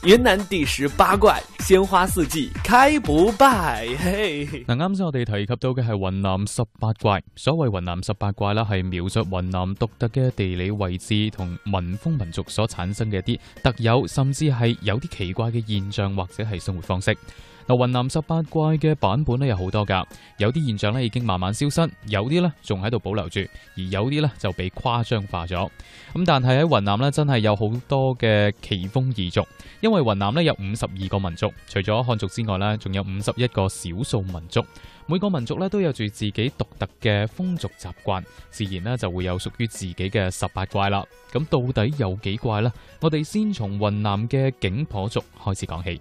雲南第十八怪，鮮花四季開不敗。嘿嘿，嗱，啱先我哋提及到嘅係雲南十八怪。所謂雲南十八怪啦，係描述雲南獨特嘅地理位置同民風民俗所產生嘅一啲特有，甚至係有啲奇怪嘅現象或者係生活方式。嗱，雲南十八怪嘅版本咧有好多噶，有啲現象咧已經慢慢消失，有啲咧仲喺度保留住，而有啲咧就被誇張化咗。咁但係喺雲南咧，真係有好多嘅奇風異俗。因為雲南咧有五十二個民族，除咗漢族之外咧，仲有五十一個少數民族。每個民族咧都有住自己獨特嘅風俗習慣，自然咧就會有屬於自己嘅十八怪啦。咁到底有幾怪呢？我哋先從雲南嘅景頗族開始講起。